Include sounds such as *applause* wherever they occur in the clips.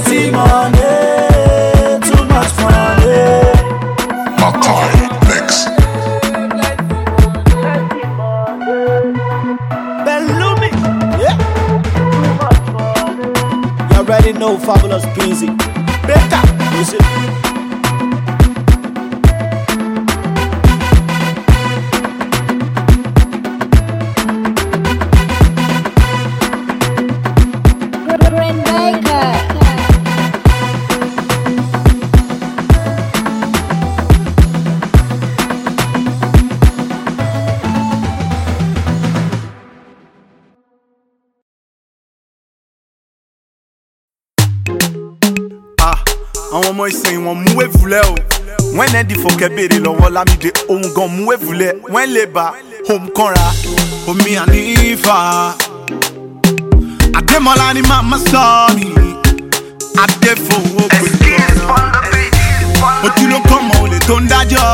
plenty money. fún kẹ́ béèrè lọ́wọ́ lámìdé ohun gan mú èvùlẹ̀ wẹ́n lè bá òun kànra omi ànífà. àdèmọ́lá ni màmá sọ mi àdèfowó pè lọ́nà ojúlókọ̀ mọ̀ olè tó ń dájọ́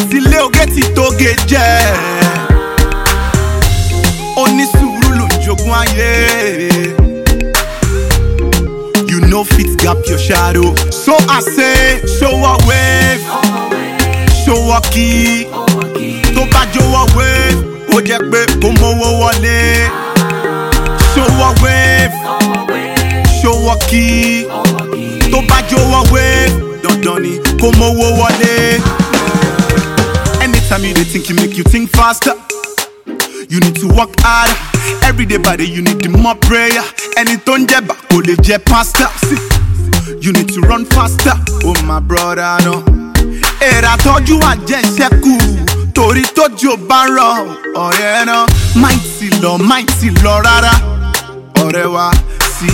ìdílé oge ti tóge jẹ́ onísùúrù ló jogún ayé. no fit gap your shadow. So I say, show a wave, show a key. Tó bad jó a wave, ó jẹ́ pé kò Show a wave, show a key. Tó bá jó a wave, dandan ni kò mọ́wọ́ wale. Anytime you dey think, you make you think faster. you need to work hard. Everyday body, you need more prayer. Ẹni tó ń jẹ bá kò lè jẹ pasta. You need to run faster. Oh my brother, no. Èrà tọ́jú àjẹsẹ́kù torí tójú ò bá rọ ọ̀rẹ́ náà. Máì ti lọ, máì ti lọ rárá. Ọ̀rẹ́ wa sí.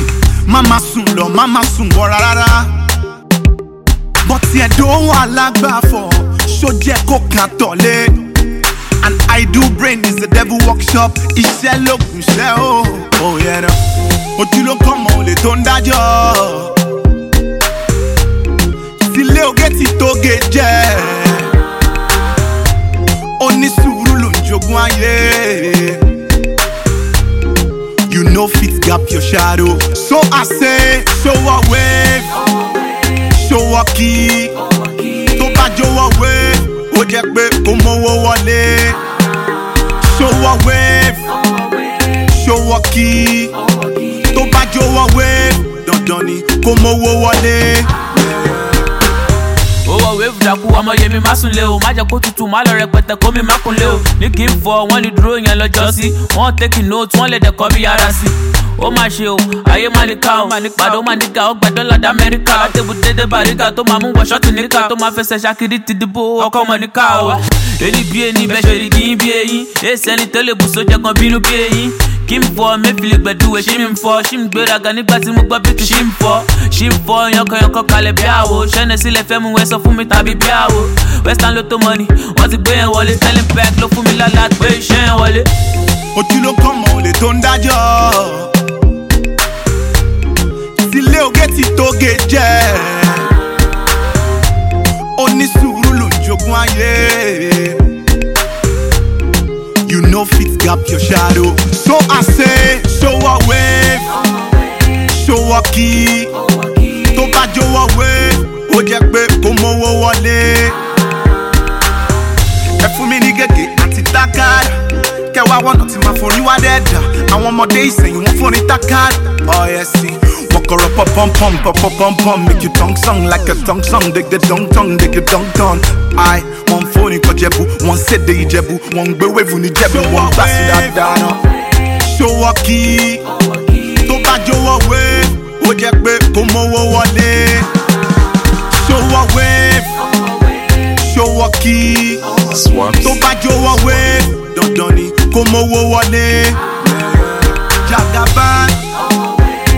Má má sùn lọ, má má sùn wọ rárá. Bọ́tí ẹ̀dọ́ wà lágbàfọ̀, ṣó jẹ́ kó kàn tọ̀lé. I do brain is the devil workshop. Iṣẹ́ lóògùn ṣẹ́ o. Òye náà, ojú ló kàn mọ́ olè tó ń dájọ́. Sílé oge ti tóge jẹ́. Onísùúrù ló ń jogún ayé. You no fit gap your shadow. So I say, show a wave, show a key. Tó bá jọ̀wọ́ wave, ó jẹ́ pé ó mówó wọlé ṣòwò wave ṣòwò kí tó bá jówó wave dandan ni kó mówó wọlé. Ah jákujàku ọmọ yèmí má sùn lé o má jẹ́ kó tutù má lọ rẹpẹtẹ kó mi má kun lé o ní kí n fọ wọ́n ní dúró yẹn lọ́jọ́ sí wọ́n tẹ́kì nóòtù wọ́n lè dẹ̀kọ́ bí ara sí ó máa ṣe o ayé má ní ká o pàdé ó má ní ga ó gbẹ dọ́là dá mẹ́ríkà àtẹ̀bù dédé bàríkà tó máa mú wọ̀ṣọ́ tì níkà tó máa fẹsẹ̀ ṣakiri ti dìbò ọkọ̀ mọ̀ ní ká o. eni bí eni bẹ́ẹ̀ ṣe rí kí n bí eyín èsì bí eyín kí n fọ mẹ́fìlì gbẹ̀dúwe ṣí mi fọ ṣí mi gbéraga nígbà tí mo gbọ́ bíkì ṣí mi fọ ṣí mi fọ yankanyankan kalẹ̀ bí àwo ṣẹ́ni sílẹ̀ fẹ́ mu wẹ́ sọ fún mi tàbí bí àwo western lotto money wọ́n ti gbé yẹn wọlé tẹ́lẹ̀ pack ló fún mi lálá gbé iṣẹ́ yẹn wọlé. ojú ló kàn mọ́ olè tó ń dájọ́ sílé oge ti tóge jẹ́ onísùúrù ló ayé no fit gap your shadow. So I say, show a wave, show a key. Tó bá jó wọ wave, ó jẹ́ pé kò mówó wọlé. Ẹ fún mi ní gègé àti tákàdá. Kẹwàá wọ̀nà tí màá forí wá dẹ́ẹ̀dá. Àwọn ọmọdé ìsẹ̀yìn wọn fún ní tákàdá. Ọ̀yẹ̀sìn. corrupt a pump pump pump pump pump make you tongue song like a tongue song dig the dong tongue dig the dong dong I one phone in Kojebu one set the Ijebu one gbe wevu ni Jebu one pass it out down show a key tó bá jọ̀wọ́ wave ó jẹ́ pé kò mówó wọlé show a wave show a key tó bá jọ̀wọ́ wave dandan ni kò mówó wọlé jagaban.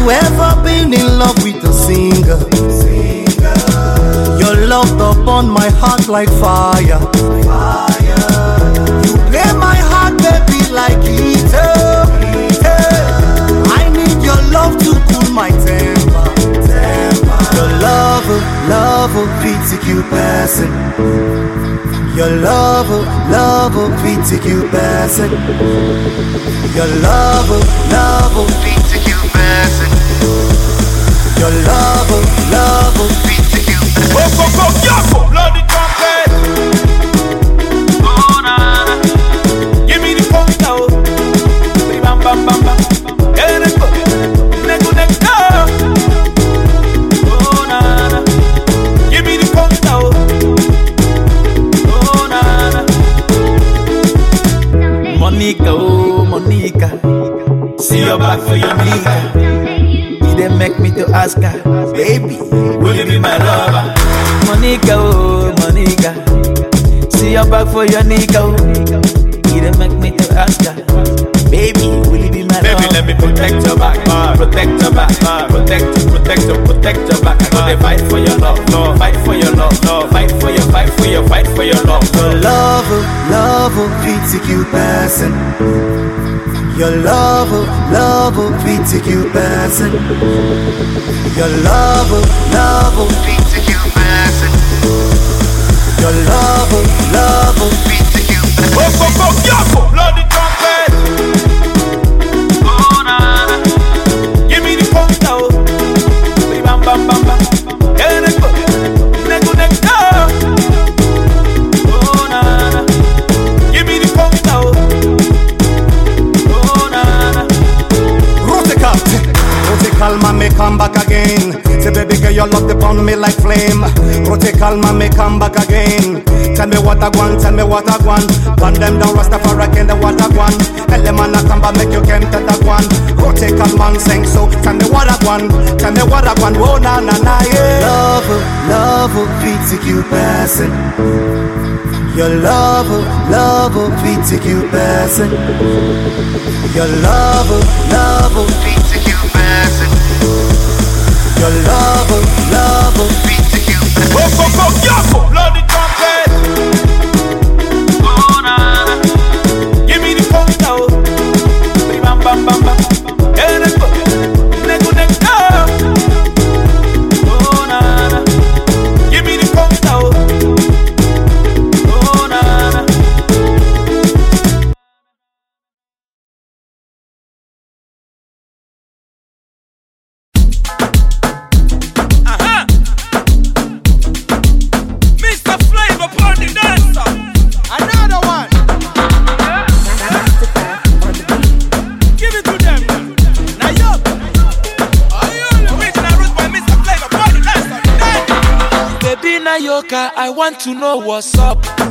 you ever been in love with a singer? Your love upon my heart like fire. You play my heart, baby, like guitar. I need your love to cool my temper. Your love, love, beats you passing. Your love, love, beats you passing. Your love, love, beats your love, love. Go, go, go, yo, go. baby, will you be my lover? Monica, oh, Monica, see your back for your nigga, oh. You don't make me to ask her, baby, will you be my baby, lover? Baby, let me protect your back, uh, protect your back, uh, protect, protect, protect your back. I go fight for your love, love, fight for your love, love, fight for your, fight for your, fight for your love. Love, oh, love, love, oh, pity you passing. Your love will, love will be to you passing. Your love will, love will be to you passing. Your love will, love will be to you passing. Nigga, your love upon me like flame. Protect calm me come back again. Tell me what I want, tell me what I want. Burn them down, Rastafari, can the what I want. Tell them I come back, make you came to that one. Protect calm sing so. Tell me what I want, tell me what I want. Whoa, oh, na na na, yeah. Love, love, beats you passing. Your love, love, beats you passing. Your love, love, beats your love, love. Go, go, go, yo! want to know what's up.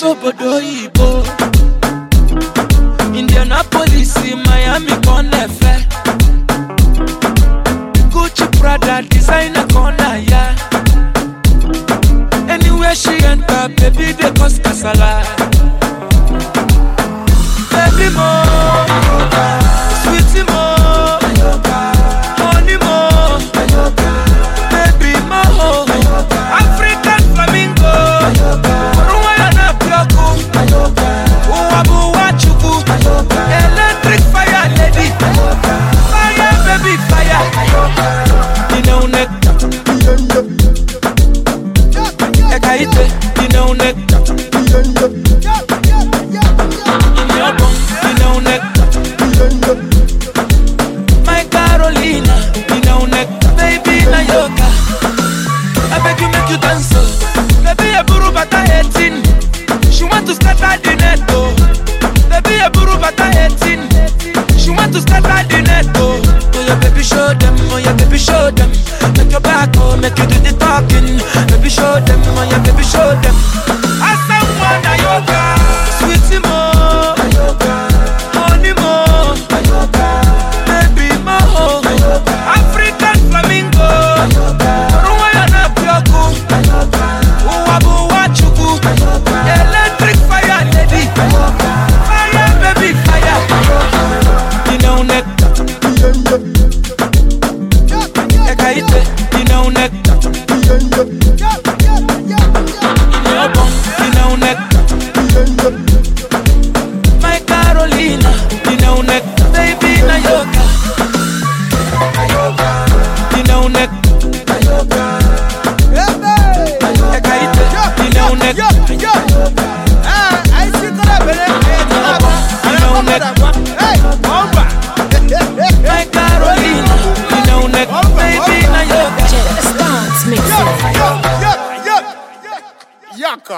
obodo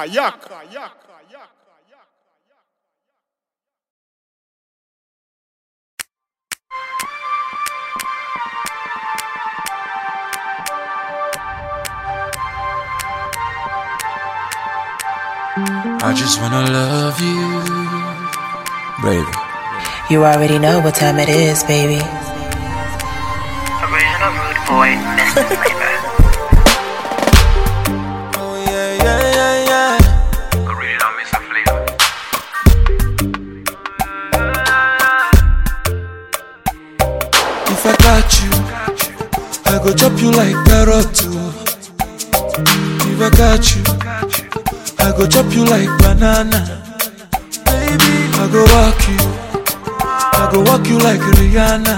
Yaka, I just wanna love you, baby. You already know what time it is, baby. Original rude boy, Mr. go chop you like carrot. Oh. If I catch you, I go chop you like banana. Baby, I go walk you, I go walk you like Rihanna.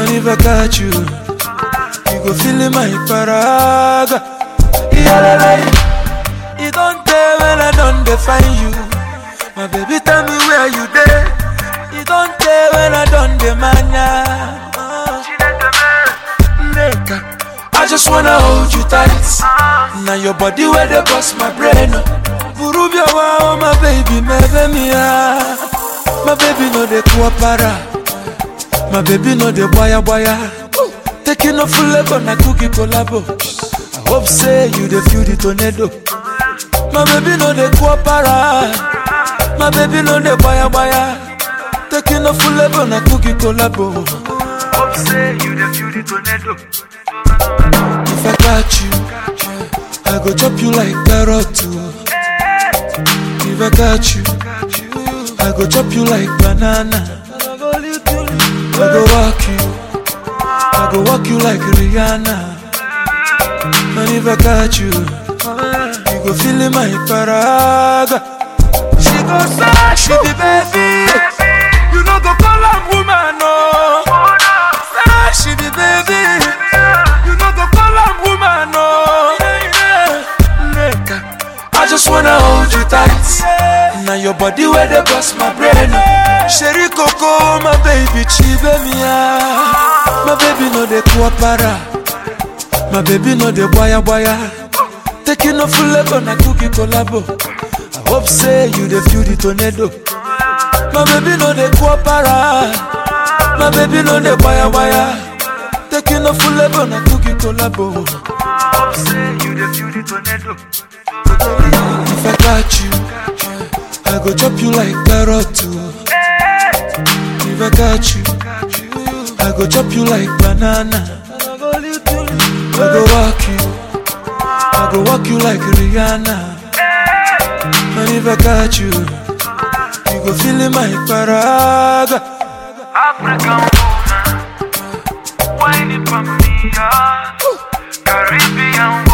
And if I catch you, you go feel my paraga. you don't tell when I don't define you. My baby, tell me where you there. You don't tell when I don't demand. I just wanna hold you tight. Now your body where they bust my brain. Burubia wow, oh, my baby, my baby, my baby no de kuapara. My baby no de boya boya. Taking off full level na cookie collabo. I hope say you the feel the tornado. My baby no de kuapara. My baby no de boya boya. Taking off full level na cookie collabo. I hope say you the feel the tornado. If I got you, I go chop you like carrot. Oh. If I got you, I go chop you like banana. I go walk you, I go walk you like Rihanna. And if I got you, you go feel my paraga. She go suck, she be baby. wanna hold you tight. Now your body where they bust my brain. Sherry Coco, my baby, chibe mia. My baby no de kuapara. My baby no de boya boya. Taking off full level na cookie collabo. I hope say you the feel the tornado. My baby no de kuapara. My baby no de boya boya. Taking off full level na cookie collabo. I hope say you the feel the tornado. If I got you, I go chop you like carrot too. Oh. If I got you, I go chop you like banana. I go walk you, I go walk you like Rihanna. And if I got you, you go feel it my paraga. African woman, whining for me, yeah. Caribbean woman.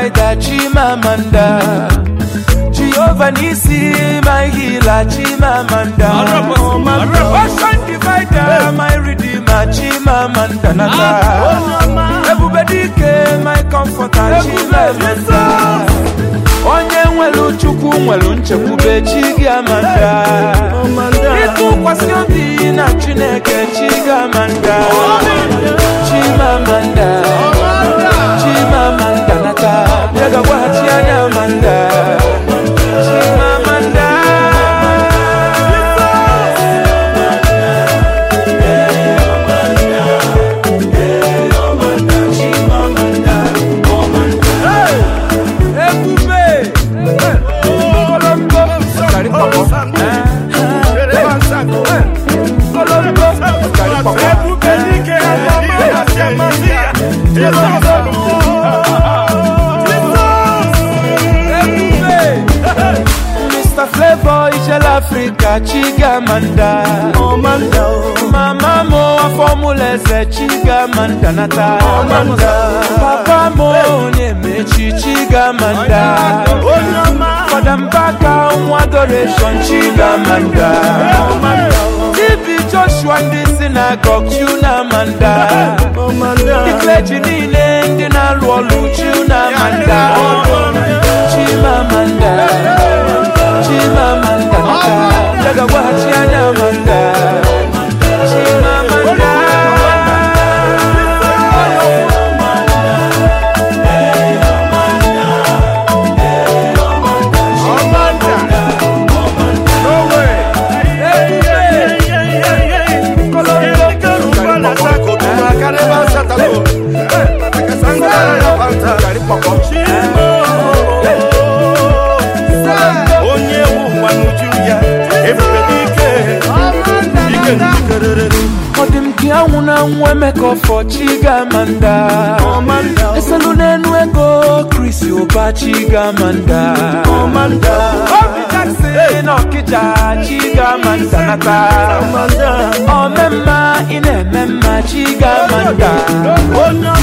provider, Chimamanda. Jehovah Nisi, my healer, Chimamanda. Oh, my passion divider, my redeemer, Chimamanda. Ah, oh, Everybody came, my comforter, Chimamanda. Onye nwelu chukwu nwelu nchekwube chi gị amanda ịtụkwasị oh, obi na chineke chi gị amanda oh, chimamanda chimamanda kaka bwatianya manda chika chiga manda oh, manda mama mo formula ze chiga manda nata oh manda papa mo ne me chiga oh, manda oh no ma fadampaka nwa adoration chiga manda oh manda Baby Joshua ndị si na gọkyu na manda ndị kleji niile ndị na-alụ ọlụ chu na manda chigamanda komanda obi jackson ọkịja chigamanda nata omemma ị na-eme mma chigamanda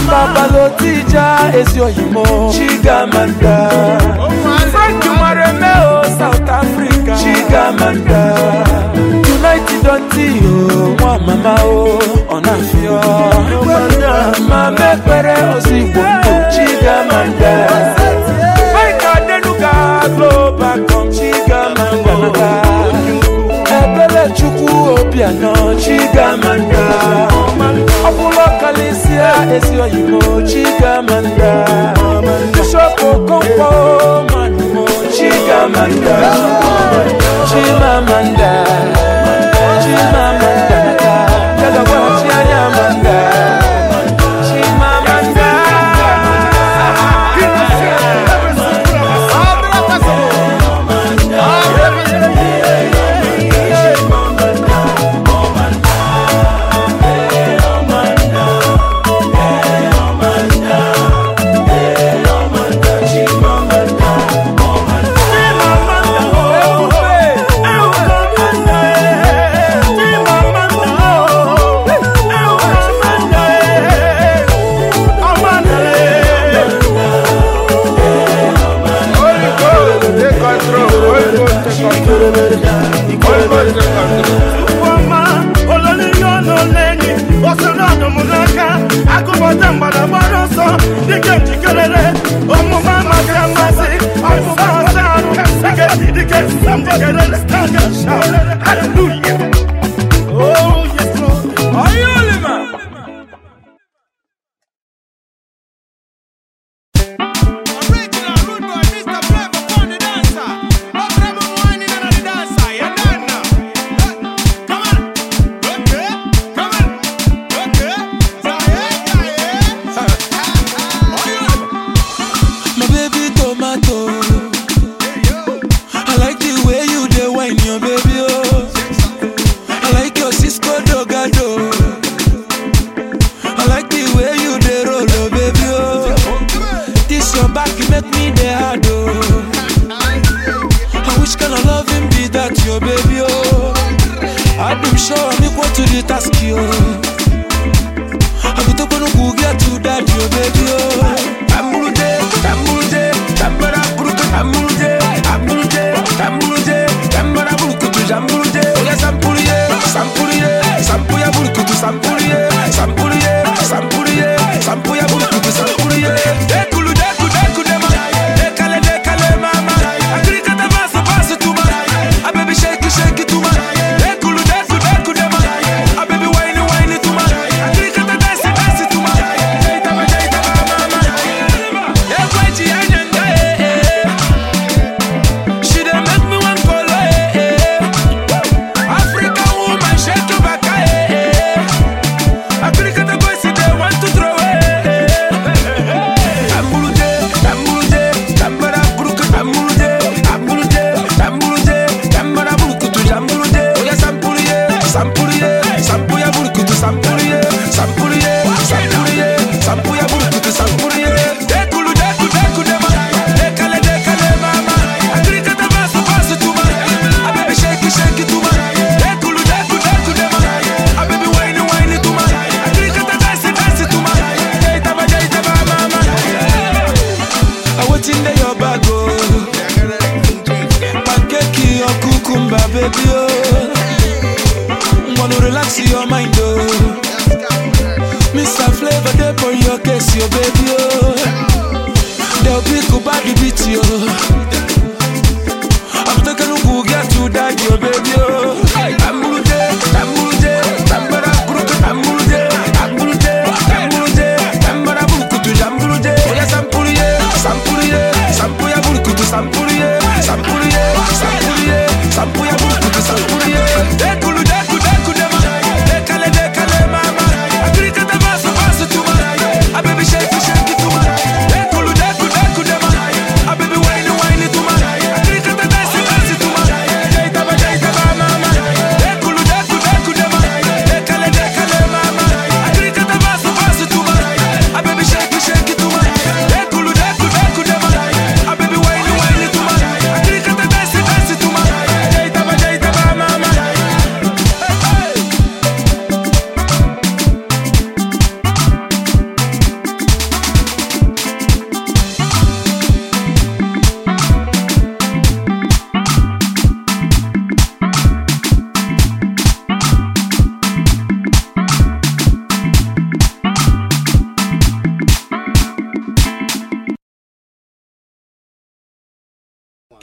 babalotija ezi oyimo chigamanda frank oh, oh, oh, mara south africa chigamanda united ọtí o nwa mama o ọ na-afịọ ma mekpere ozigbo mbụ chigamanda Chimaka Ebele Chukwu Obiano Chigamanda Ọbụlọkalisia esi oyibo Chigamanda Bishop Okonkwo Manumo Chigamanda Chimamanda Chimamanda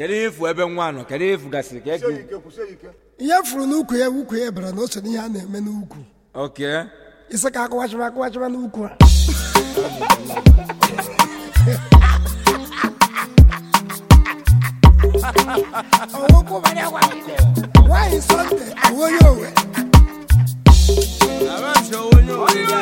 kedu efu ebe nwa anọ kedu efu gasịrị ka ego ihe furu n'ukwu ya ukwu ya bara na n'ihe a na-eme n'ukwu oke isi ka akụwachara akụwachara n'ukwu a nwaanyị *laughs* sọnde onye owe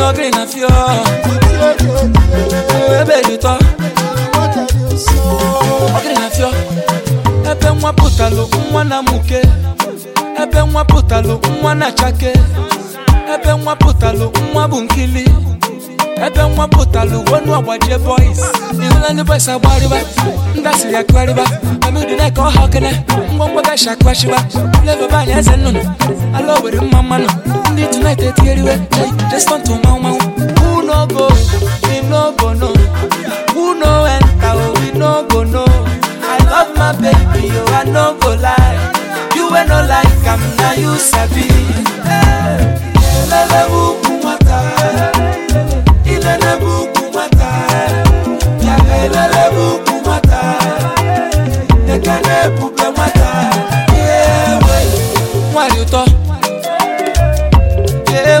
your green and pure. Ebe dị tọ. Green and pure. Ebe nwa pụtalụ nwa na muke. Ebe nwa pụtalụ nwa na chake. Ebe nwa pụtalụ nwa bụ nkili ebe nwa pụtara uwe nu agbaje bois ihụla ndị bois agbariba ndasiri akụgharịba amidina ka ọha okene ngwongwo gasha akpashiba levebe anyị eze nnụnụ ala owere mma mmanụ ndị tunaiti to jestọntụ manwụ Who no go, we no go no. Who no enter, we no go no. I love my baby, yo, I no go lie. You ain't no like I'm now you sabi. Hey. lele buku mata Yaka lele buku mata Nekane pupe mata Mwari uto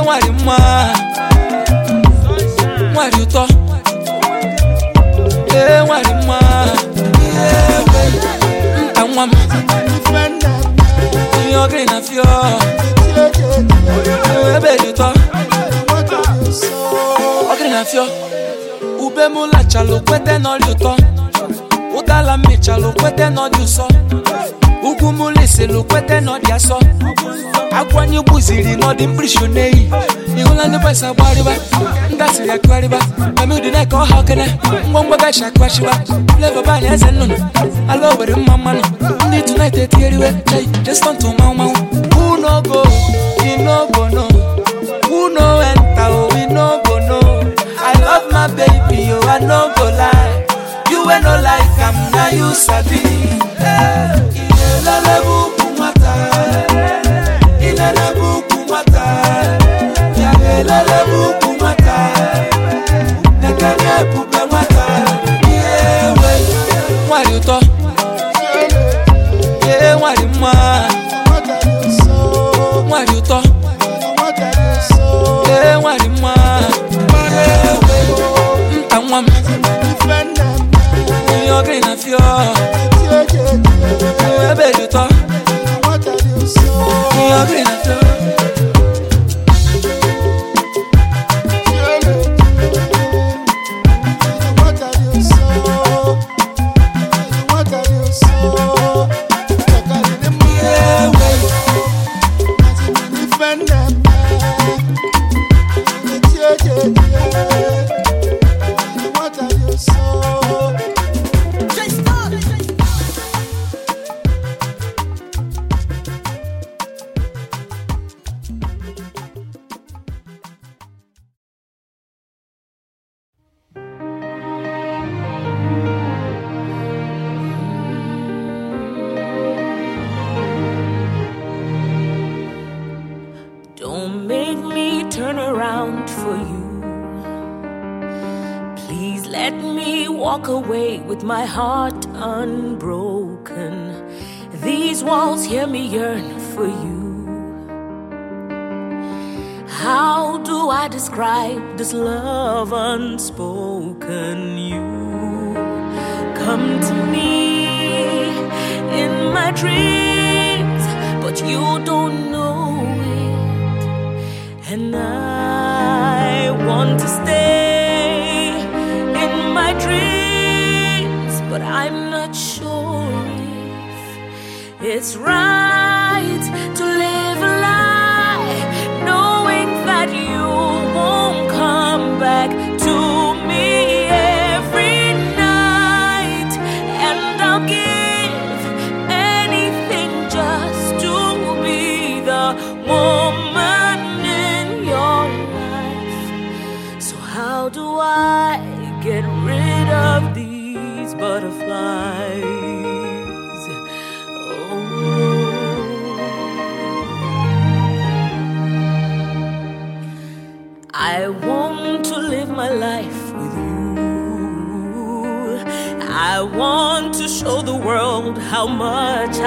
Mwari mwa Mwari uto Mwari mwa Mwam Yo green of yo Baby nafio ube mula chalo kwete noluto udala mi chalo kwete noluso ugwu mulise lo kwete nodiaso akwanye gbuziri n'ọdị mkpirisho n'eyi ihụla ndị pesa gbariba ndasịrị akụgharịba amidi na-eke ọha okene ngwangwa gachi akụghachiba fleva bani eze nnụnụ ala owere mma mmanụ ndị tunait etigheriwe chei jestọntụ manwụ go no. inogono uno enta o my baby, yo, I no go lie. You ain't no like I'm now you sabi. Inelele buku mata, inelele buku mata, yalelele buku mata. Nekene pupe smuggling of your You're green of your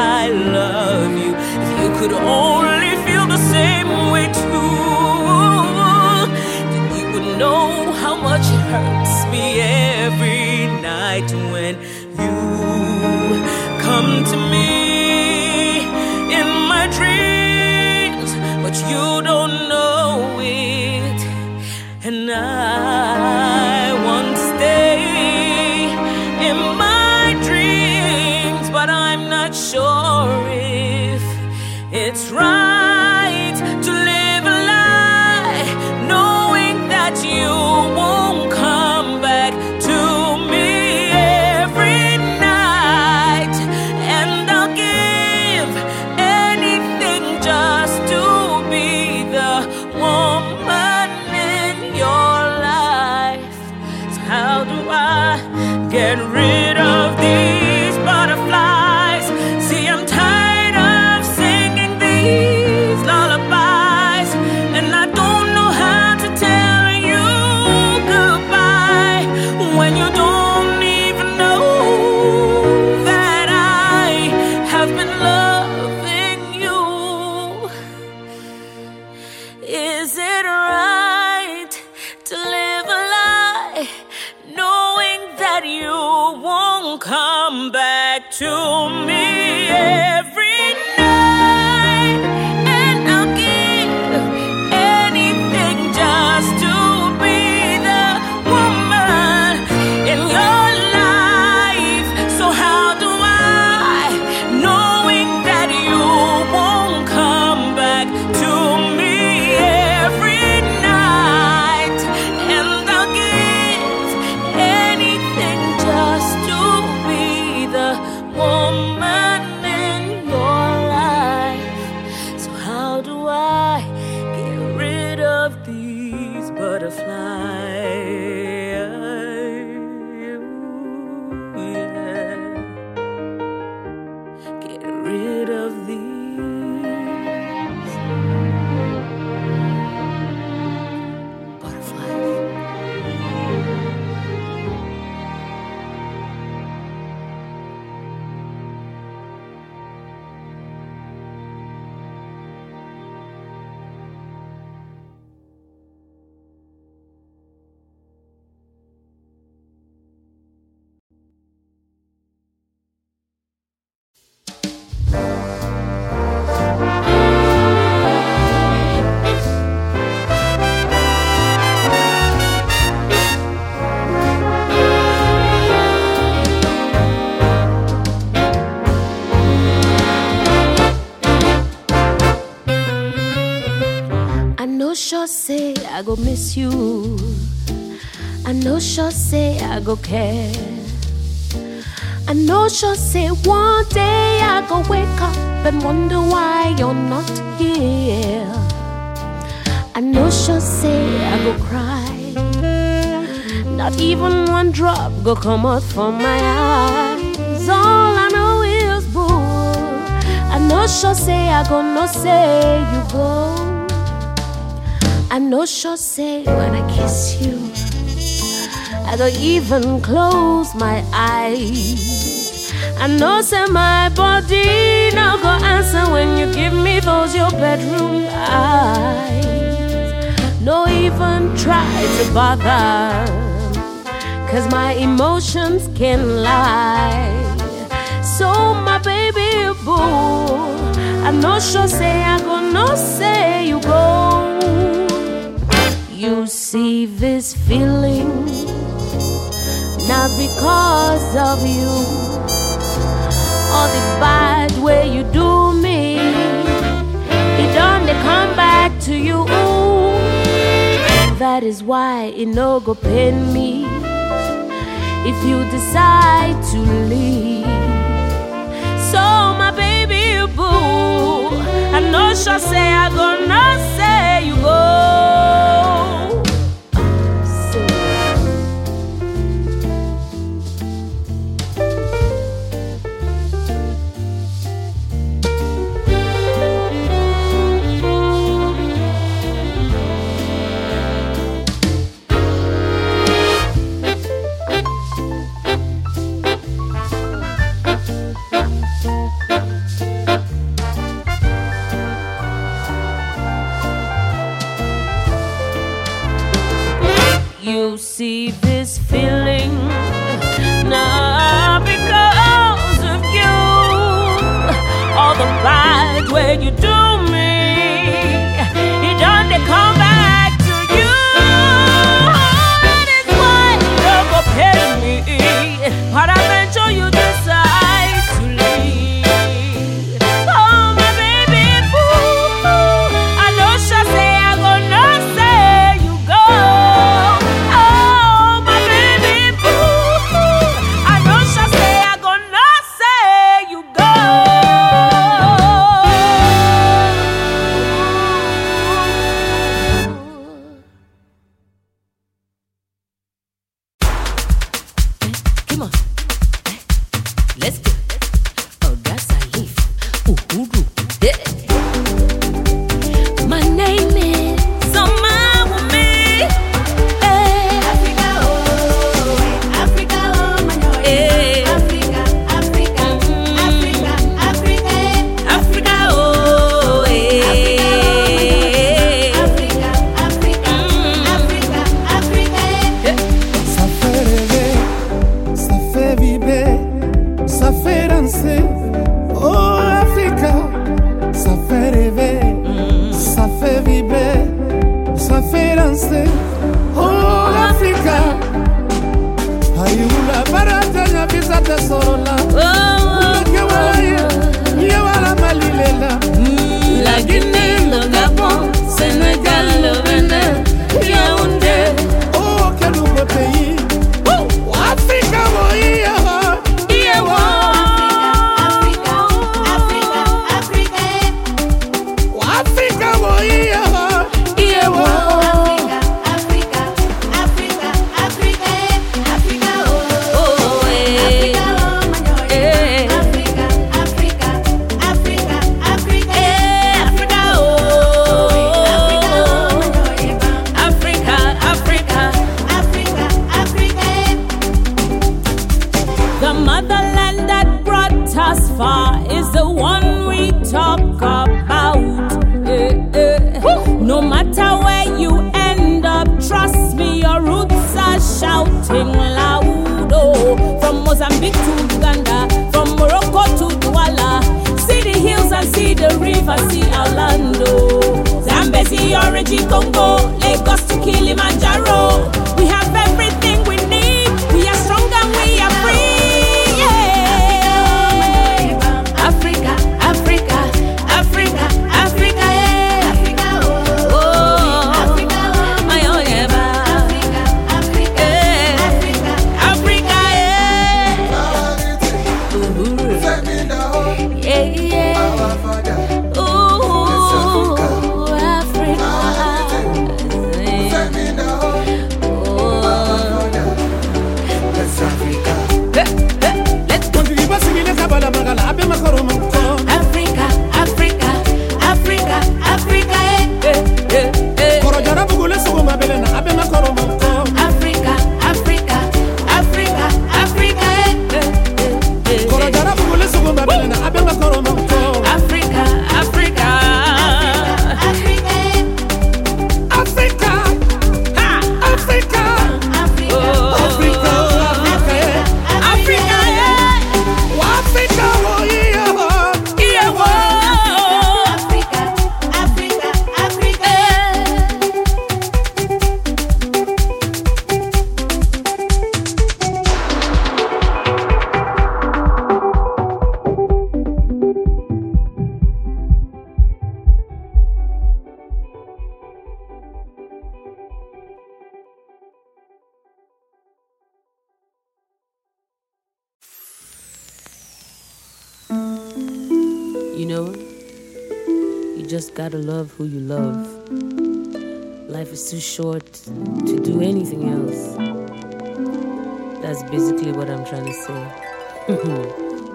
I love you. If you could only feel the same way too, then you would know how much it hurts me every night when you come to me. sure say I go miss you. I know sure say I go care. I know sure say one day I go wake up and wonder why you're not here. I know sure say I go cry. Not even one drop go come out from my eyes. All I know is boo. I know sure say I go no say you go. I am she sure say when I kiss you. I don't even close my eyes. I know say my body no go answer when you give me those your bedroom eyes. No even try to bother. Cause my emotions can lie. So my baby boo, I know sure say I go no say you go receive this feeling not because of you or the bad way you do me it only come back to you that is why it no go pain me if you decide to leave so my baby boo i know sure say i gonna say you go receive this feeling not because of you All the right where you do me. It only comes.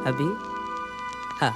Abi? Ha.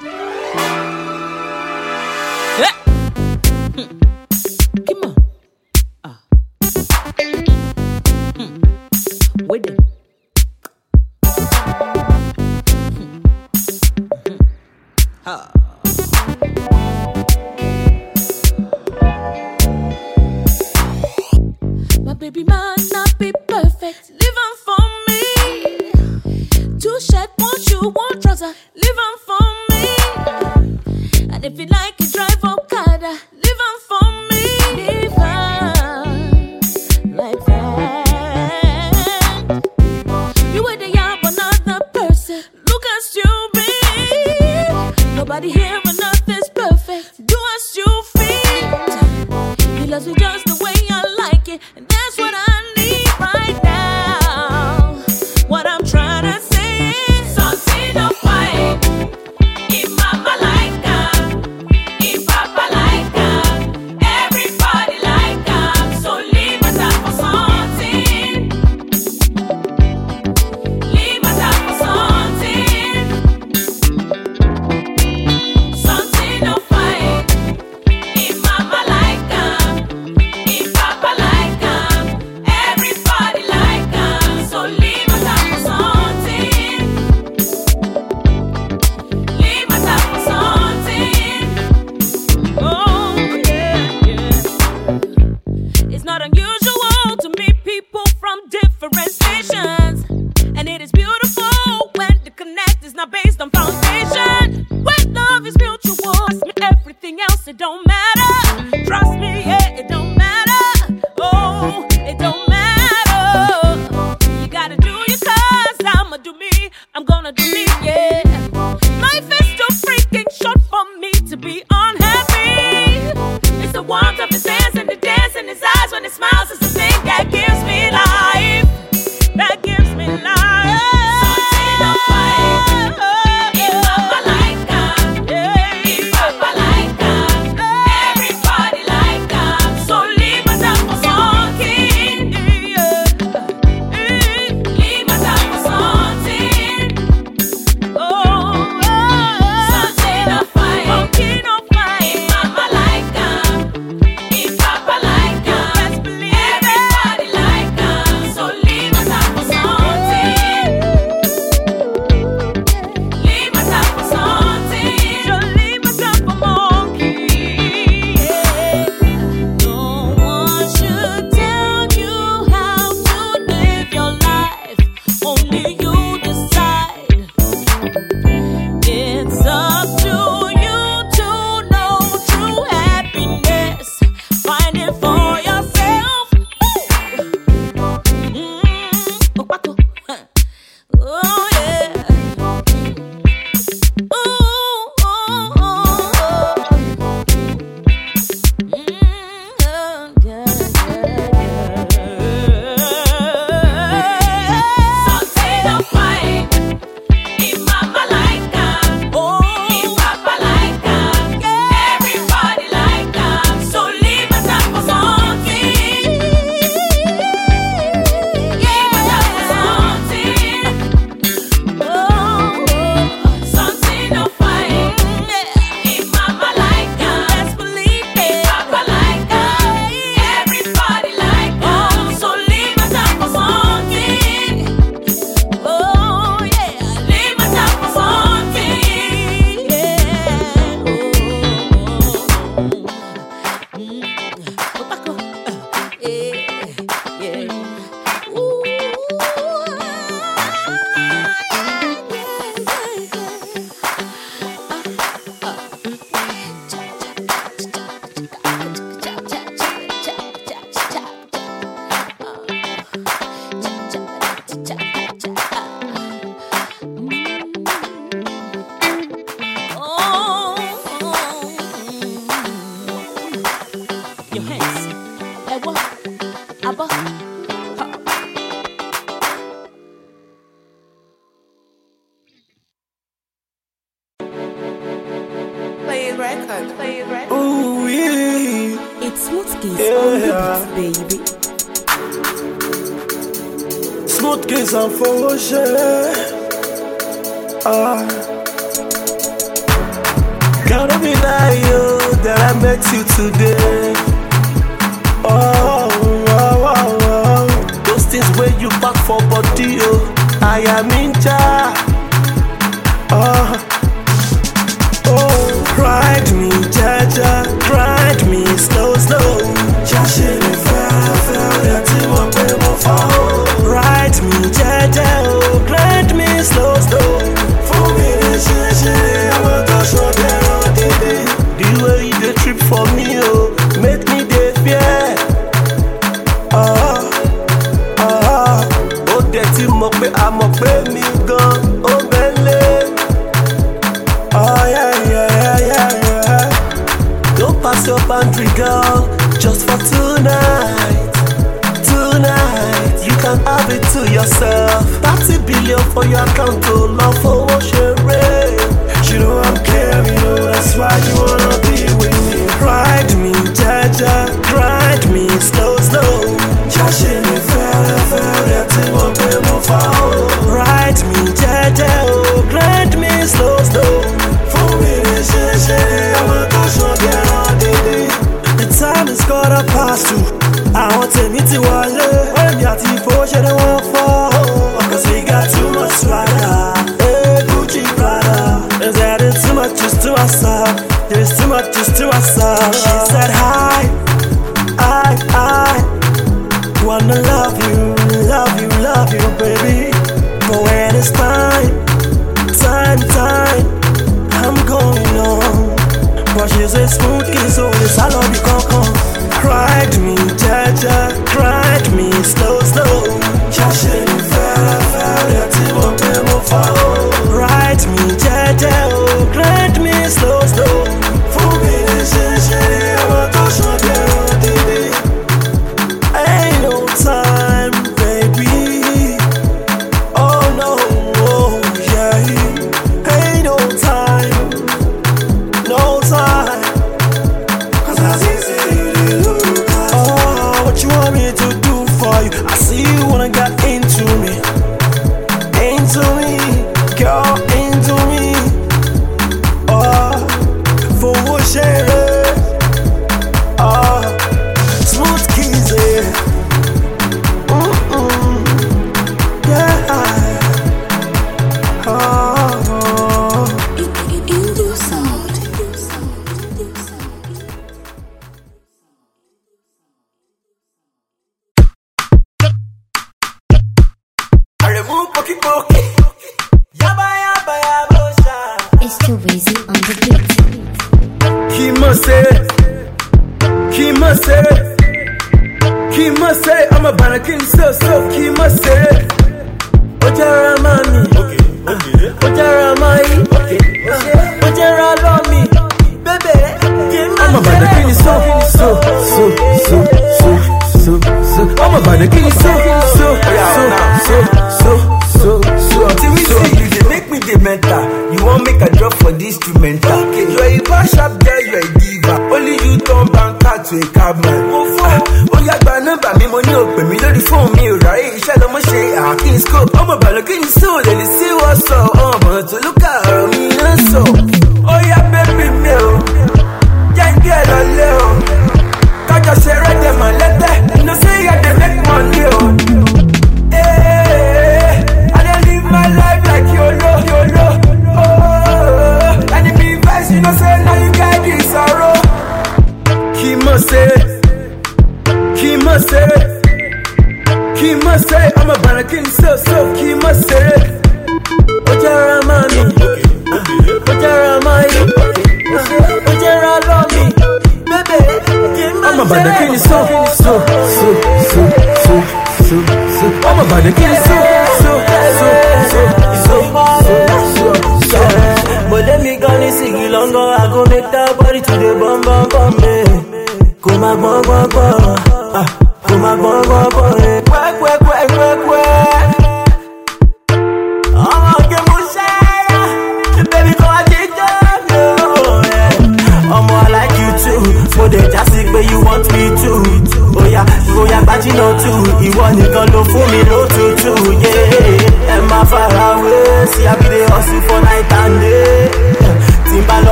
Longo, I go make that body to the bum bum bum, eh. Come on, bum bum bum, ah, come on, bum bum bum.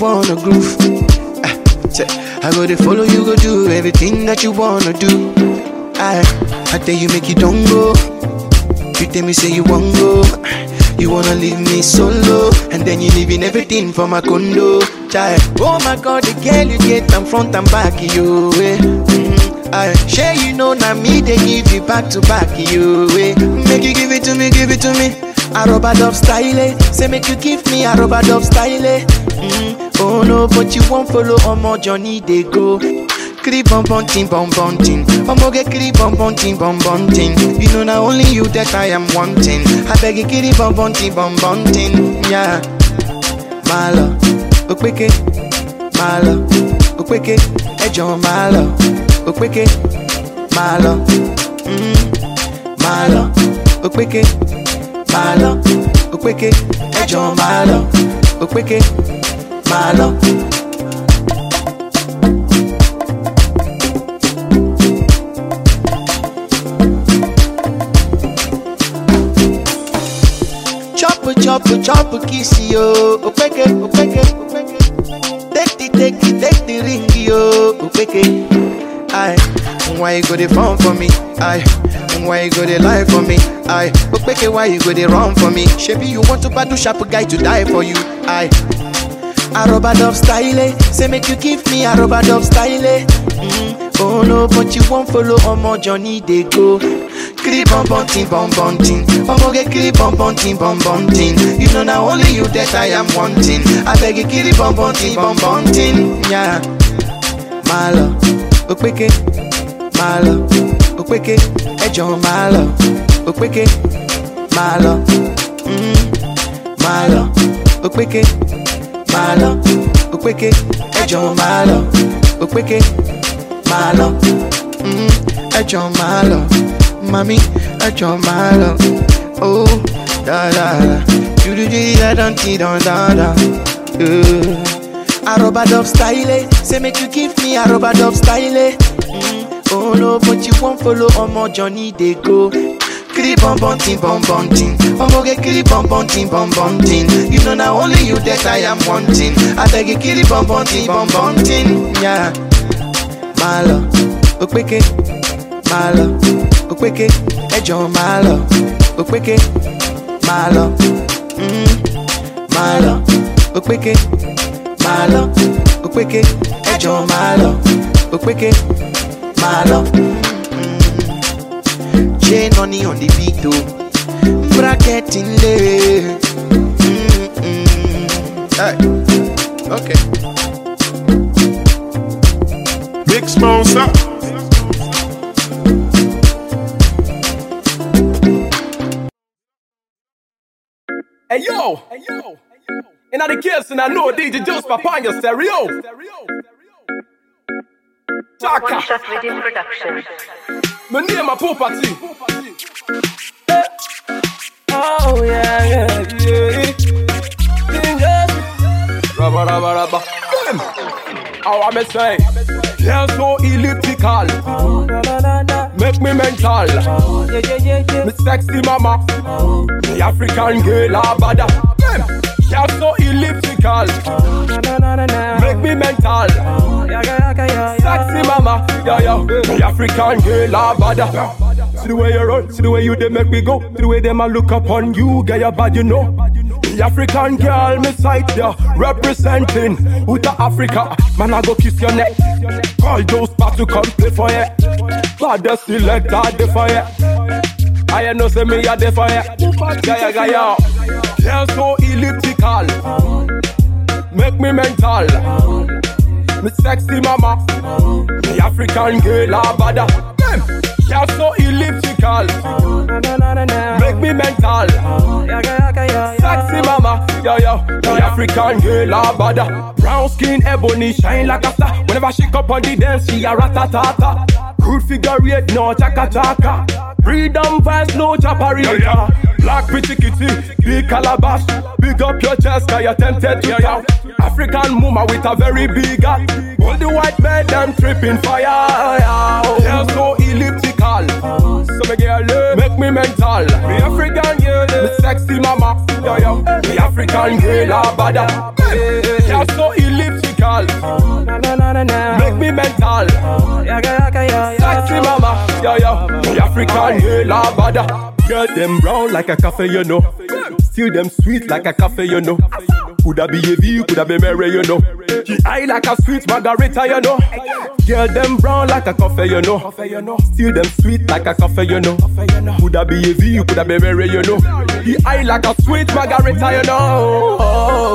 wanna groove. Uh, I go to follow you, go do everything that you wanna do. I, ah, I tell you, make you don't go. You tell me, say you won't go. Ah, you wanna leave me solo, and then you leaving everything for my condo. Child. Oh my god, the girl you get, I'm front and back, you. Eh. I, mm-hmm. share, you know, now me, they give you back to back, you. Eh. Make you give it to me, give it to me. I rub a dub style, eh. say make you give me a rub a dub style. Eh no but you won't follow omo journey. They go kiri bonbon ting bonbon ting I'ma get kiri bonbon ting bonbon ting you know not only you that i am wanting I beg abeg kiri bonbon ting bonbon ting ya máa lọ òpèké máa lọ òpèké ẹ jọ̀ọ́ máa lọ òpèké máa lọ máa lọ òpèké máa lọ òpèké ẹ jọ̀ọ́ máa lọ òpèké my love. chop chop, chop kiss yo. Opeke, opeke, opeke. Take the, take the, take the ring yo. Opeke. Aye, why you go the phone for me? Aye. Why you go to lie for me? I Opeke, why you go to run for me? Shebi, you want to battle sharp guy to die for you? I a rubber dove style, eh? say make you give me a rubber dove style. Mm. Oh no, but you won't follow on my journey they go. Clip on bunting, bum bunting. Omo get clip on bunting, bum bunting. You know now only you that I am wanting. I beg you, clip on bunting, bum bunting. Yeah, my love, opeke, my love, opeke, ejo my love, opeke, my love, mm, mm-hmm. my love, opeke máa lọ òpèké ẹ jọ̀wọ́ máa lọ òpèké máa lọ mm-hmm, ẹ jọ̀wọ́ máa lọ mami ẹ jọ̀wọ́ máa lọ ó dáadáa jùdújú yíyá dantí dandandan. Aroba dub style, say make you give me aroba dub style. Mm. Oh no, but you won't follow, on my journey dey go kiri bum bum ting bum bum ting Omboge kiri bum bum ting bum bum ting You know now only you that I am wanting I beg you kiri bum bum ting bum bum ting Yeah My love, look wicked My love, look wicked malo, John, my love, look wicked My malo, mm mm-hmm. My love, look wicked My love, look Chain money on the beat too. Oh. Bracket in there. Eh. mm Hey. Okay. Big sponsor. Hey yo, hey yo, and I the kids and I know DJ just for Panya Stereo. Stereo. Taka. One shot within production. My name a property. Oh yeah, yeah, yeah. Rabba, rabba, rabba. How I must say, yeah, so elliptical. Make me mental. Me sexy mama. Me African girl, a bada. Yeah, so elliptical. Make me mental. Yeah yeah yeah yeah harder, yo. Me African girl, are bad. harder. See the way you run, see the way you they make me go. See the way them a look upon you, girl, you bad, you know. The African girl, me sight ya, representing Uta Africa. Man, I go kiss your neck. Call those parts to come play for ya. God, the selector, they for ya. I ain't no say me a dey for ya, gaya gaya. Girl so elliptical, make me mental me sexy mama. The African girl a bada. you she's so elliptical. Make me mental. Sexy mama, yo yo. The African girl a bada. Brown skin, ebony, shine like a star. Whenever she come on the dance, she a ratatata. Crude figure eight, no chaka chaka. Freedom vibes, no chaparita. Black pretty kitty, big calabash. Big up your chest, cause you're tempted to African mama with a very big hat. All the white men, them tripping fire. they so elliptical. So me girl, make me mental. Me African girl, me sexy mama. Me African girl, a ah, bada. Yeah, so elliptical mental. Na na na na na. Make me mental. Sexy mama, yeah yeah. The African hella bada. Get them brown like a coffee, you know. Till them sweet like a cafe, you know. Coulda be a V, coulda be merry, you know. She eye like a sweet margarita, you know. Girl, them brown like a coffee, you know. Still them sweet like a coffee, you know. Coulda be a V, coulda be merry, you know. She eye like a sweet margarita, you know.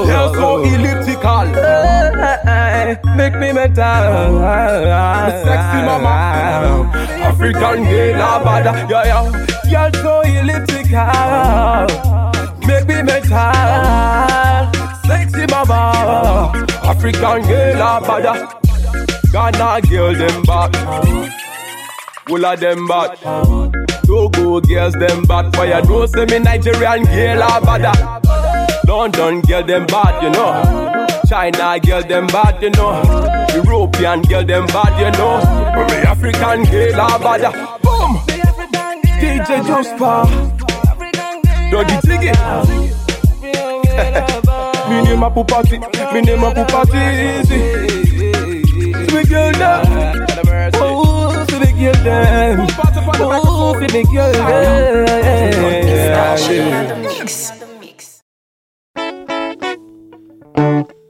Girl, so elliptical. Make me mental. Sexy mama. African girl, bada, yeah, yeah. Girl, so elliptical make me mental. Sexy mama, African girl are bada. Ghana girl them bad. All of them bad. Togo girls them bad. For you don't say me Nigerian girl are bada. London girl them bad, you know. China girl them bad, you know. European girl them bad, you know. But Me African girl are bada. Boom. DJ Jospa. Doggy Tiggy. *laughs* me name my poo party, me name my poo party easy. Sweet girl now. Oh, for the girl them. Oh, for the girl them. It's Mix. mix.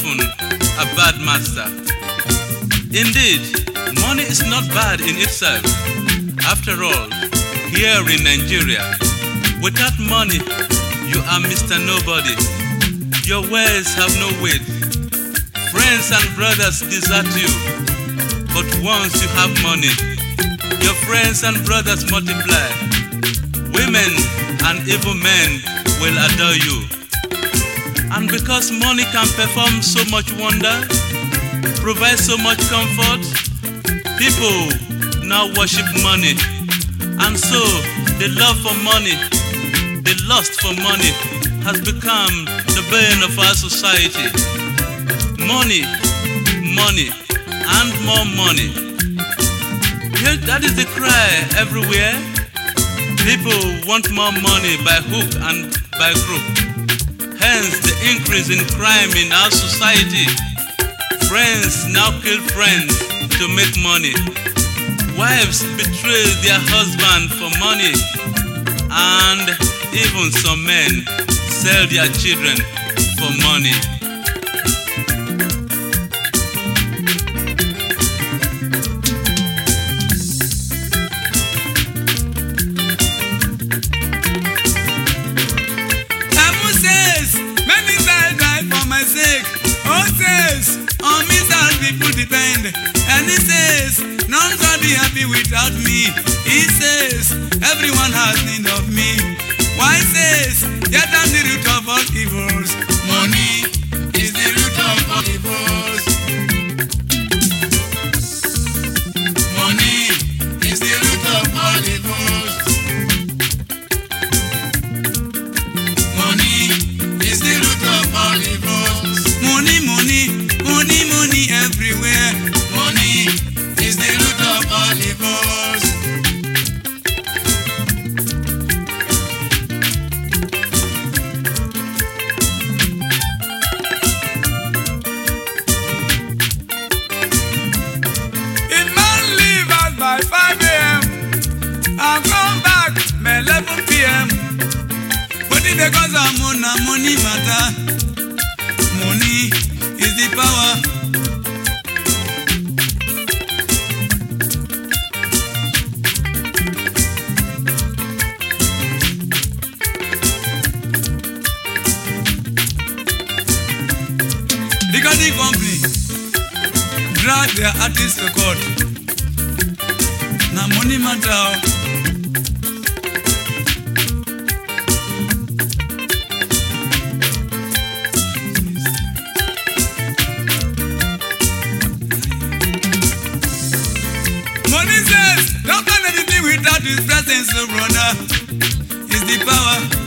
often a bad master. Indeed, money is not bad in itself. After all, here in Nigeria, without money, you are Mr. Nobody. Your words have no weight. Friends and brothers desert you. But once you have money, your friends and brothers multiply. Women and even men will adore you. And because money can perform so much wonder, provide so much comfort, people now worship money. And so the love for money, the lust for money has become the bane of our society. Money, money, and more money. Here, that is the cry everywhere. People want more money by hook and by crook. Hence the increase in crime in our society. Friends now kill friends to make money. Wives betray their husband for money. And even some men sell their children for money. friend. And he says, None can be happy without me. He says, Everyone has need of me. Why says, Yet I'm the root of all evils. Money is the root of all evils. Runner is the power.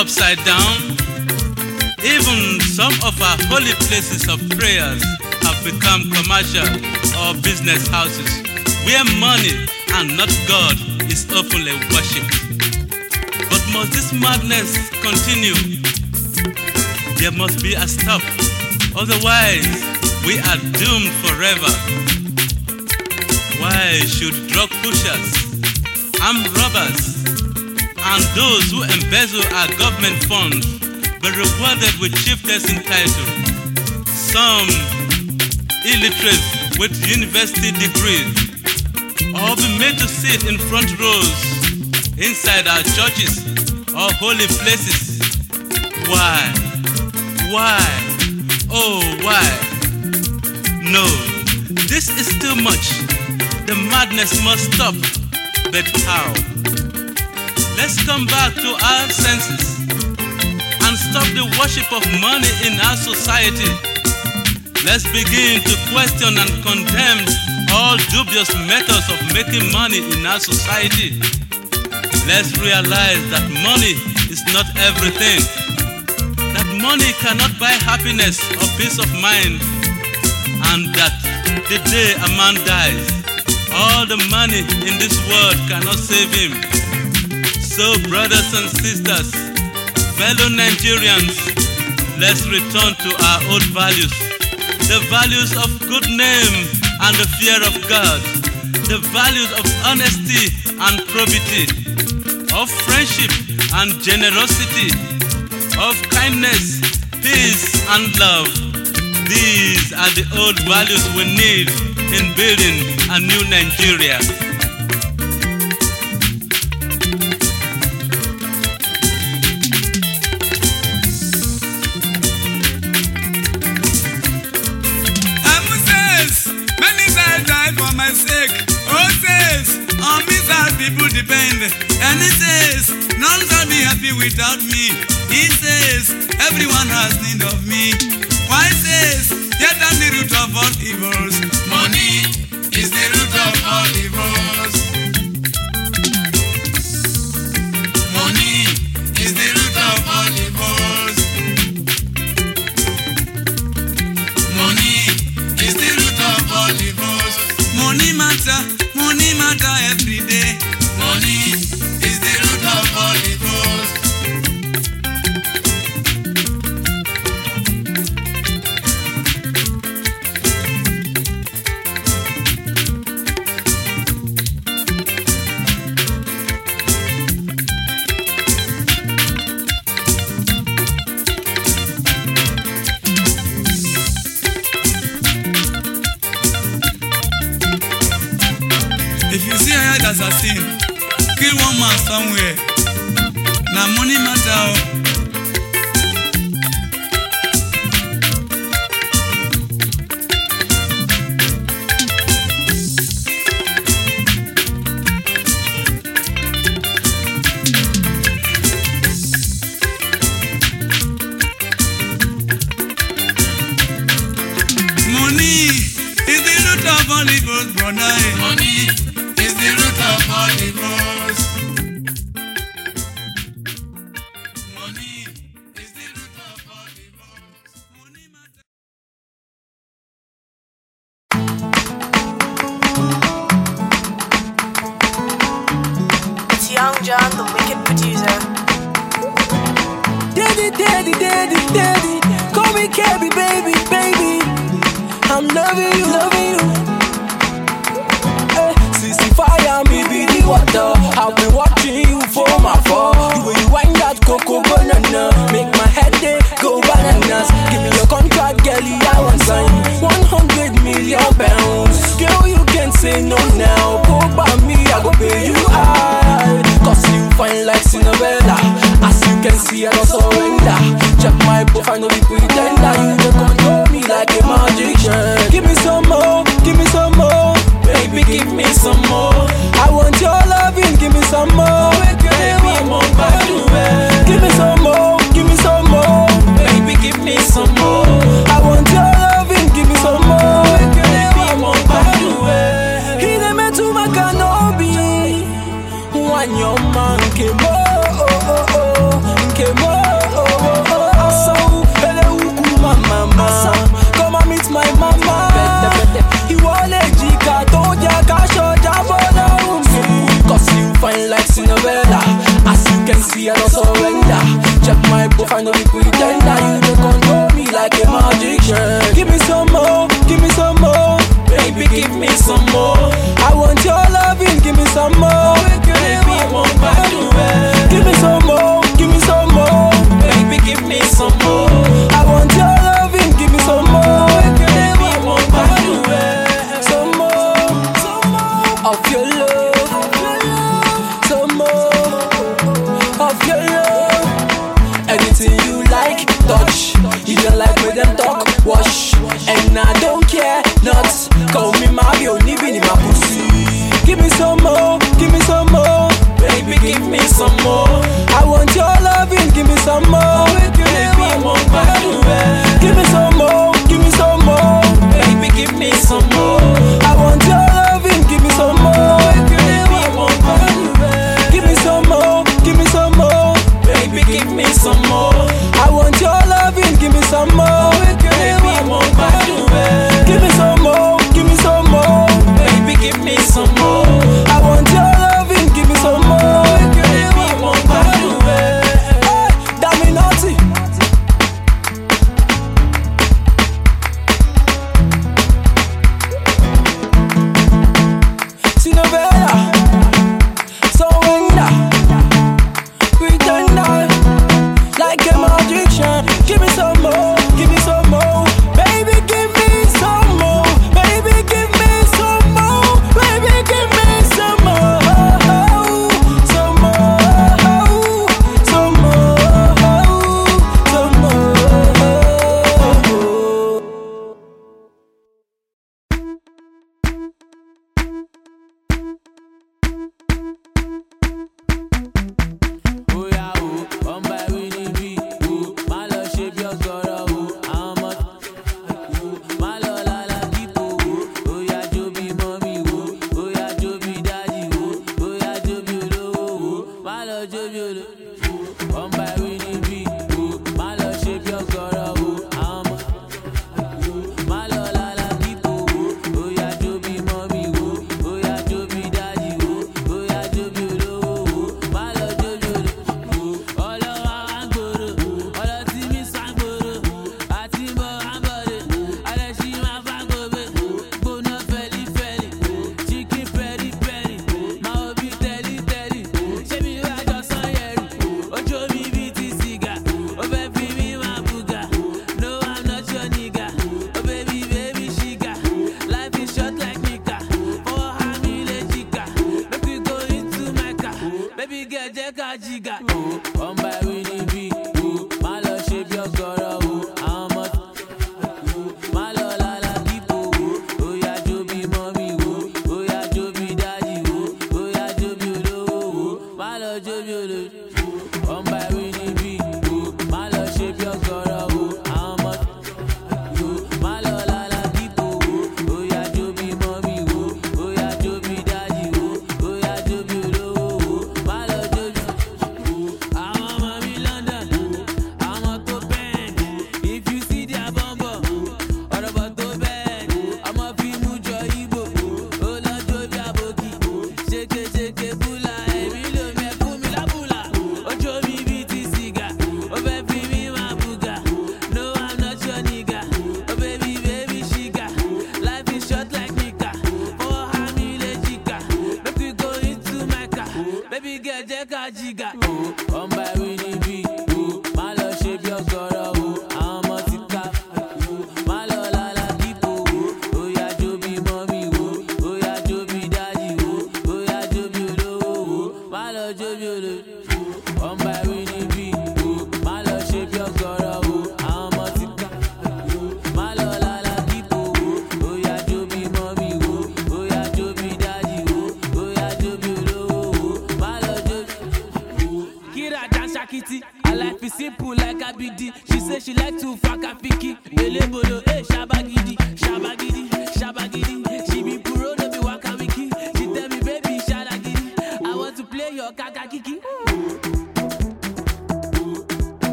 upside down. Even some of our holy places of prayers have become commercial or business houses where money and not God is openly worshipped. But must this madness continue? There must be a stop, otherwise, we are doomed forever. Why should drug pushers, armed robbers, and those who embezzle our government funds were rewarded with chieftains in title. Some illiterate with university degrees or be made to sit in front rows inside our churches or holy places. Why? Why? Oh, why? No, this is too much. The madness must stop. But how? Let's come back to our senses and stop the worship of money in our society. Let's begin to question and condemn all dubious methods of making money in our society. Let's realize that money is not everything. That money cannot buy happiness or peace of mind. And that the day a man dies, all the money in this world cannot save him. So, brothers and sisters, fellow Nigerians, let's return to our old values the values of good name and the fear of God, the values of honesty and probity, of friendship and generosity, of kindness, peace, and love. These are the old values we need in building a new Nigeria. people depend. And he says, none shall be happy without me. He says, everyone has need of me. Why says, yet I'm the root of all evils. Money is the root of all evils. Money is the root of all evils. Money is the root of all evils. Money matter, money matter every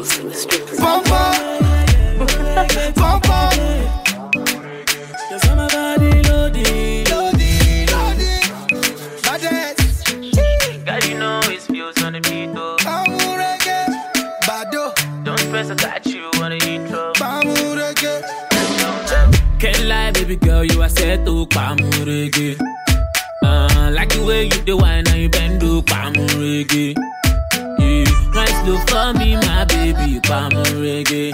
Bump up, a you know it's on the beat, though. Bamureke. Bado. Don't you Can't lie, baby girl, you are set to Bamureke. Uh, like the way you do wine and you bend to Bamureke. Look for me, my baby, palm reggae.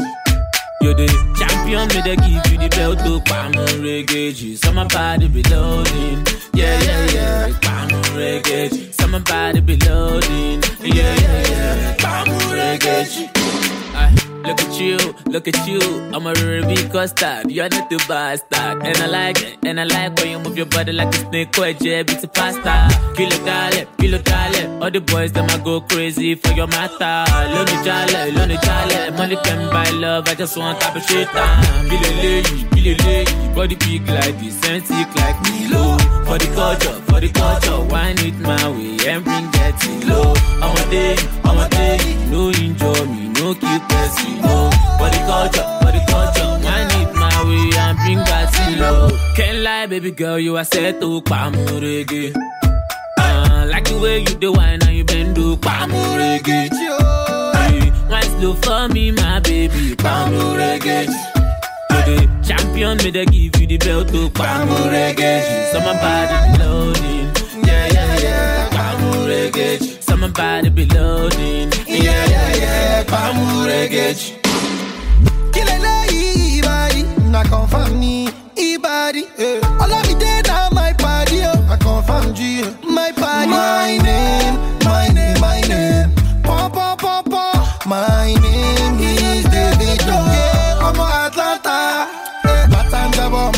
you the champion, me they give you the belt, to oh, palm reggae. G. Summer body be loading, yeah, yeah, yeah. Palm reggae, G. summer body be loading, yeah, yeah, yeah. Palm reggae. G. Look at you, look at you. I'm a Ruby custard, you're not the bastard. And I like it, and I like when you move your body like a snake or a jab, it's a pasta. Kilo dale, kilo dale. All the boys, them I go crazy for your matter. Lonely jale, lonely jale. Money can buy love, I just want to have a shit down. Billy Lee, billy lady. Body big like this, and thick like me. Lord for the culture, for the culture. Wine it my way and bring that it low. I'm a day, I'm a day. No enjoy me, no keep pressing low. For the culture, for the culture. Wine it my way and bring that it low. Can't lie, baby girl, you are set to pamurege. reggae. Uh, like the way you do wine and you bend do pam Wine slow for me, my baby, pamurege today. Champion, may they give you the belt to Bamboo Reggae. be loading. Yeah, yeah, yeah. Bamboo Reggae. Somebody be loading. Yeah, yeah, yeah. Bamboo Reggae. Kill a lie, Ibadi. Not confirm me, Ibadi. Yeah.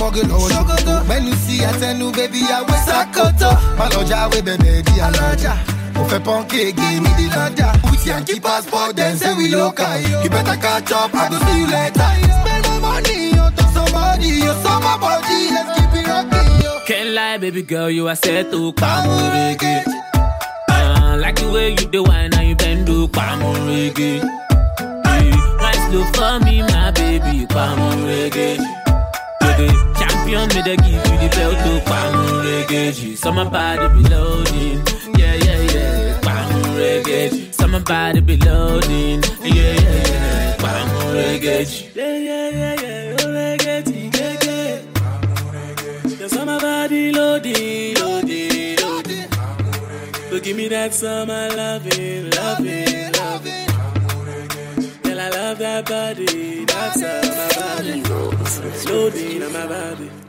struggle all oh, Sokoto. When you see I tell you baby I will Sakoto Maloja we baby di aloja Mo fẹ́ pọ́nkì eh, give me the lọ́jà keep us for then say we local You better catch up I go see you later Spend my money on top somebody You saw body let's keep it rocking yo Can't lie baby girl you are set to come reggae uh, Like the way you do wine and you bend to come reggae Wine look for me my baby come reggae Baby champion, me they give you the belt to Pamu body be loading, yeah, yeah, yeah. body be loading, yeah, yeah, yeah. yeah, yeah, yeah. yeah, oh, loading, loading, loading. give me that summer loving, loving that body, that's how my body. It's down on my body.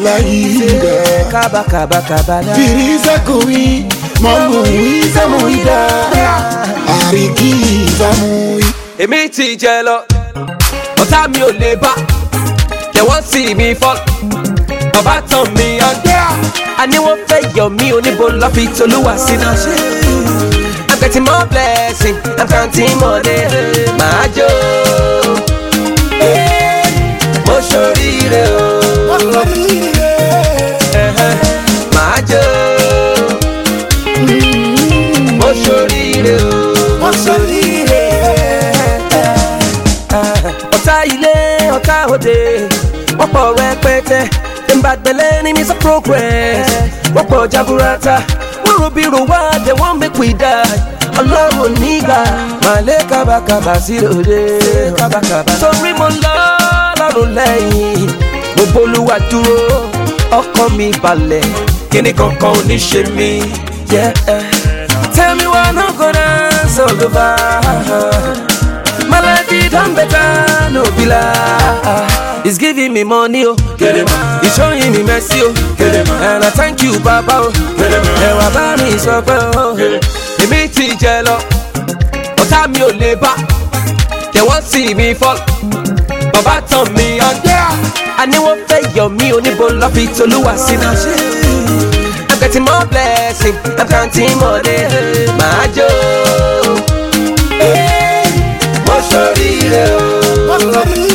alaida kabakabakabada viriza kuwi mamuwiza muida àríkìza muwi. èmi ti jẹ lọ ọ̀tá mi ò lè bá they wan see me fall bàbá tán mi ọ̀gá àní wọ́n fẹ́ yọ mí oníbo lọ́fi tolúwa síná I'm getting more blessing I'm counting money màá jó mo ṣoríire o. òde wọ́n pọ̀ rẹpẹtẹ ìbàdànlẹ̀ ní mr progress wọ́n pọ̀ jaburata wọ́n rúbirù wá dé wọ́n make we die ọlọ́run nígbà màlẹ́ kábàkàbà sí òde torí mo lọ lọ́rùn lẹ́yìn mo bolúwa dúró ọkàn mi balẹ̀ kíni kankan ò ní ṣe mí. Eh. Tell me why I'm gonna solve My life it done better, no bila. He's giving me money, oh. He's showing me mercy, oh. And I thank you, Baba, oh. Ẹwà bá mi sọ pé o. Oh. Èmi ti jẹ lọ, ọ̀tá mi ò lè bá. They won't see me fall. Bàbá tàn mí ọ̀dẹ́. A ní wọ́n fẹ́ yọ̀ mí oníbo lọ́fi tolúwa sí náà. I'm getting more blessing, I'm counting money. Màá jó. yeah.